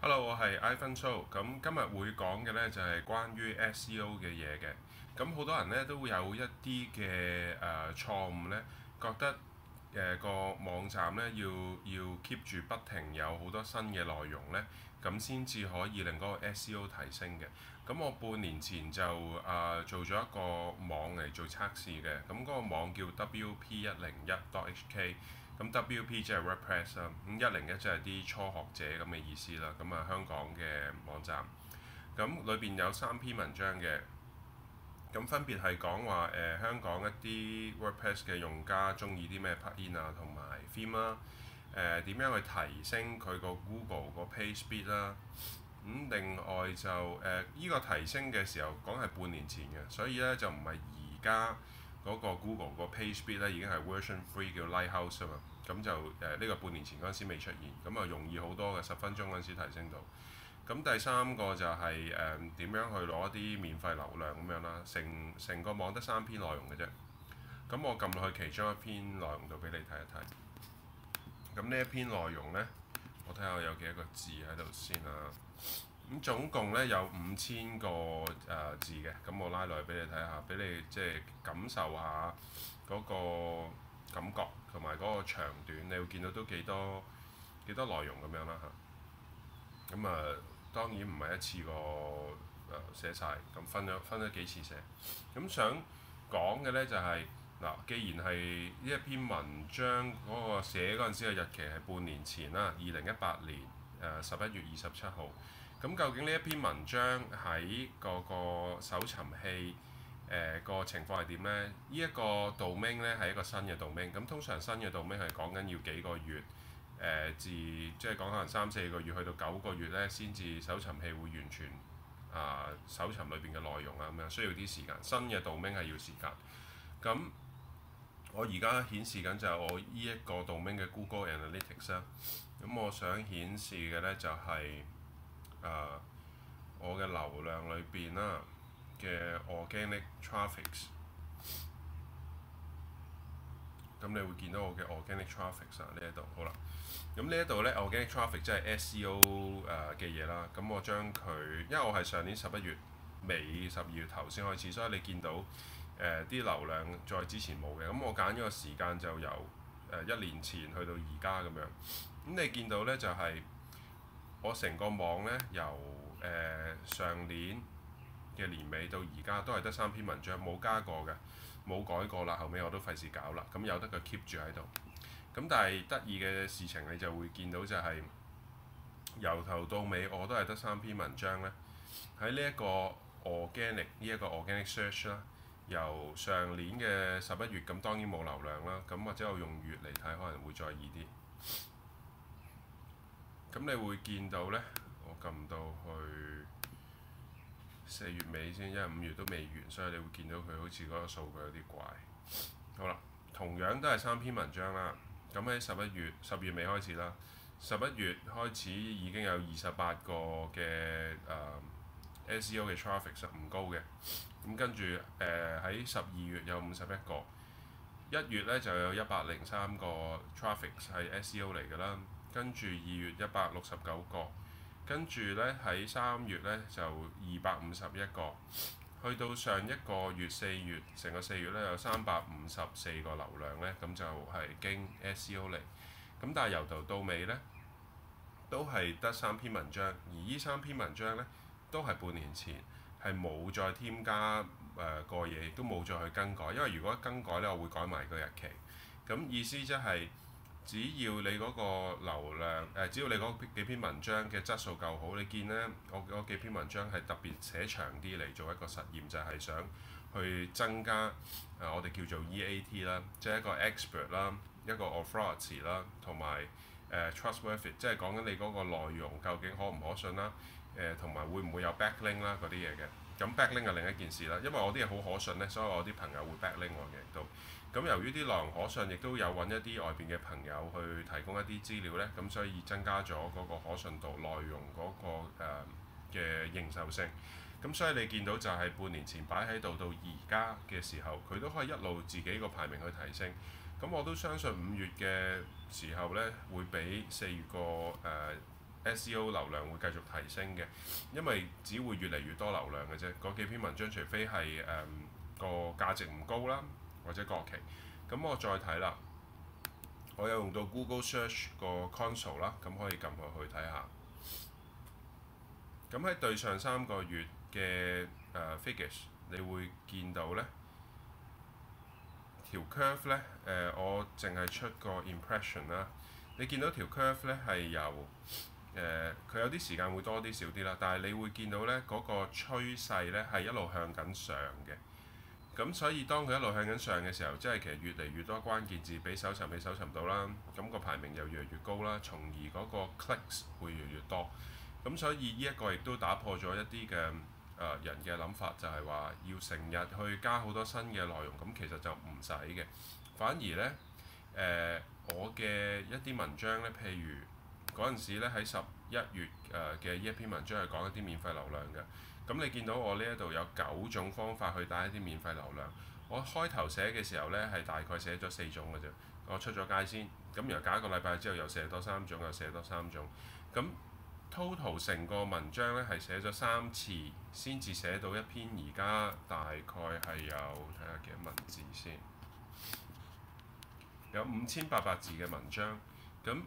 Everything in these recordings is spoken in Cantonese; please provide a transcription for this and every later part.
Hello，我係 Ivan So，咁今日會講嘅呢就係關於 SEO 嘅嘢嘅，咁好多人呢都會有一啲嘅誒錯誤呢，覺得誒個網站呢要要 keep 住不停有好多新嘅內容呢，咁先至可以令嗰個 SEO 提升嘅。咁我半年前就啊、呃、做咗一個網嚟做測試嘅，咁、那、嗰個網叫 wp 一零一 dot hk。咁 WP 即係 WordPress 啦，咁一零一即係啲初學者咁嘅意思啦，咁啊香港嘅網站，咁裏邊有三篇文章嘅，咁分別係講話誒香港一啲 WordPress 嘅用家中意啲咩 plugin 啊，同埋 theme 啦，誒點樣去提升佢個 Google 個 Page Speed 啦、啊，咁另外就誒依、呃呢個提升嘅時候講係半年前嘅，所以咧就唔係而家。嗰個 Google 個 PageSpeed 咧已經係 Version Three 叫 Lighthouse 啊嘛，咁就誒呢個半年前嗰陣時未出現，咁啊容易好多嘅，十分鐘嗰陣時提升到。咁第三個就係誒點樣去攞一啲免費流量咁樣啦，成成個網得三篇內容嘅啫。咁我撳落去其中一篇內容度俾你睇一睇。咁呢一篇內容咧，我睇下有幾多個字喺度先啦。咁總共咧有五千個誒字嘅，咁我拉落嚟俾你睇下，俾你即係感受下嗰個感覺同埋嗰個長短，你會見到都幾多幾多內容咁樣啦吓，咁啊，當然唔係一次過誒寫晒，咁分咗分咗幾次寫。咁想講嘅呢，就係、是、嗱，既然係呢一篇文章嗰個寫嗰陣時嘅日期係半年前啦，二零一八年十一月二十七號。咁究竟呢一篇文章喺個個搜尋器誒個情況係點呢？呢、這、一個 domain 呢 a 係一個新嘅 domain 咁通常新嘅 domain 係講緊要幾個月誒、呃，即係講可能三四個月去到九個月呢先至搜尋器會完全、呃、搜尋裏邊嘅內容啊咁樣需要啲時間，新嘅 domain 係要時間。咁我而家顯示緊就係我呢一個 domain 嘅 Google Analytics 啊。咁、嗯、我想顯示嘅呢就係、是。誒，uh, 我嘅流量裏邊啦嘅 organic traffics，咁你會見到我嘅 organic traffics 啊，呢一度，好啦，咁呢一度咧 organic traffic 即係 SEO 誒、呃、嘅嘢啦，咁我將佢，因為我係上年十一月尾、十二月頭先開始，所以你見到誒啲、呃、流量再之前冇嘅，咁我揀咗個時間就由誒、呃、一年前去到而家咁樣，咁你見到咧就係、是。我成個網呢，由誒、呃、上年嘅年尾到而家，都係得三篇文章，冇加過嘅，冇改過啦。後尾我都費事搞啦。咁有得佢 keep 住喺度。咁但係得意嘅事情，你就會見到就係、是、由頭到尾我都係得三篇文章呢。喺呢一個 organic 呢一個 organic search 啦，由上年嘅十一月咁，當然冇流量啦。咁或者我用月嚟睇，可能會再易啲。咁你會見到呢，我撳到去四月尾先，因為五月都未完，所以你會見到佢好似嗰個數據有啲怪。好啦，同樣都係三篇文章啦。咁喺十一月、十月尾開始啦，十一月開始已經有二十八個嘅誒、呃、SEO 嘅 traffic 實唔高嘅。咁跟住誒喺十二月有五十一個，一月呢就有一百零三個 traffic 係 SEO 嚟嘅啦。跟住二月一百六十九個，跟住呢喺三月呢就二百五十一個，去到上一個月四月，成個四月呢有三百五十四個流量呢，咁就係經 SEO 嚟。咁但係由頭到尾呢，都係得三篇文章，而依三篇文章呢，都係半年前，係冇再添加誒過嘢，亦都冇再去更改，因為如果更改呢，我會改埋個日期。咁意思即係。只要你嗰個流量誒、呃，只要你嗰幾篇文章嘅質素夠好，你見咧，我嗰幾篇文章係特別寫長啲嚟做一個實驗，就係、是、想去增加誒、呃、我哋叫做 EAT 啦，即係一個 expert 啦，一、呃、個 authority 啦，同埋誒 trustworthy，即係講緊你嗰個內容究竟可唔可信啦、啊。誒同埋會唔會有 backlink 啦嗰啲嘢嘅，咁 backlink 係另一件事啦，因為我啲嘢好可信呢，所以我啲朋友會 backlink 我嘅亦都。咁由於啲內容可信，亦都有揾一啲外邊嘅朋友去提供一啲資料呢。咁所以增加咗嗰個可信度、內容嗰個、誒嘅認受性。咁所以你見到就係半年前擺喺度到而家嘅時候，佢都可以一路自己個排名去提升。咁我都相信五月嘅時候呢，會比四月個誒。呃 SEO 流量會繼續提升嘅，因為只會越嚟越多流量嘅啫。嗰幾篇文章除非係誒個價值唔高啦，或者過期。咁我再睇啦，我有用到 Google Search 個 Console 啦，咁可以撳入去睇下。咁喺對上三個月嘅、uh, figures，你會見到咧條 curve 咧誒、呃，我淨係出個 impression 啦。你見到條 curve 咧係由誒佢、呃、有啲時間會多啲少啲啦，但係你會見到呢嗰、嗰個趨勢呢係一路向緊上嘅，咁所以當佢一路向緊上嘅時候，即係其實越嚟越多關鍵字俾搜尋俾搜尋到啦，咁、嗰個排名又越嚟越高啦，從而嗰個 clicks 會越嚟越多，咁所以呢一個亦都打破咗一啲嘅人嘅諗法，就係、係、話要成日去加好多新嘅內容，咁其實就唔使嘅，反而呢，誒、呃、我嘅一啲文章呢，譬如。嗰陣時咧，喺十一月誒嘅呢一篇文章係講一啲免費流量嘅。咁你見到我呢一度有九種方法去帶一啲免費流量。我開頭寫嘅時候呢，係大概寫咗四種嘅啫。我出咗街先，咁然後隔一個禮拜之後又寫多三種，又寫多三種。咁 total 成個文章呢，係寫咗三次先至寫到一篇，而家大概係有睇下幾多文字先，有五千八百字嘅文章。咁誒。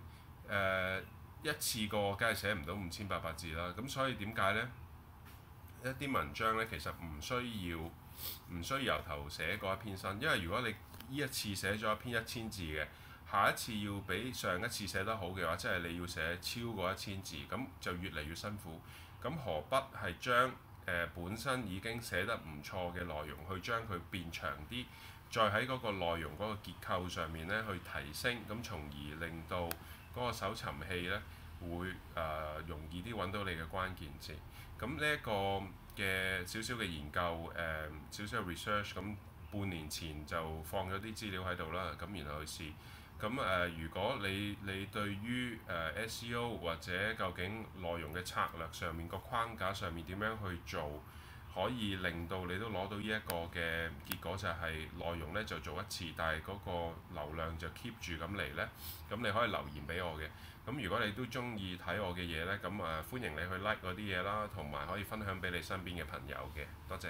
呃一次過梗係寫唔到五千八百字啦，咁所以點解呢？一啲文章呢，其實唔需要唔需要由頭寫過一篇新，因為如果你呢一次寫咗一篇一千字嘅，下一次要比上一次寫得好嘅話，即係你要寫超過一千字，咁就越嚟越辛苦。咁何不係將，呃，本身已經寫得唔錯嘅內容，去將佢變長啲，再喺嗰個內容嗰個結構上面呢去提升，咁從而令到，嗰個搜尋器咧會誒、呃、容易啲揾到你嘅關鍵字。咁呢一個嘅少少嘅研究，誒少、呃、少嘅 research。咁半年前就放咗啲資料喺度啦，咁然後去試，咁誒、呃、如果你你對於誒、呃、SEO 或者究竟內容嘅策略上面個框架上面點樣去做，可以令到你都攞到呢一個嘅結果，就係內容呢就做一次，但係嗰個流量就 keep 住咁嚟呢。咁你可以留言俾我嘅。咁如果你都中意睇我嘅嘢呢，咁啊，歡迎你去 like 嗰啲嘢啦，同埋可以分享俾你身邊嘅朋友嘅。多謝。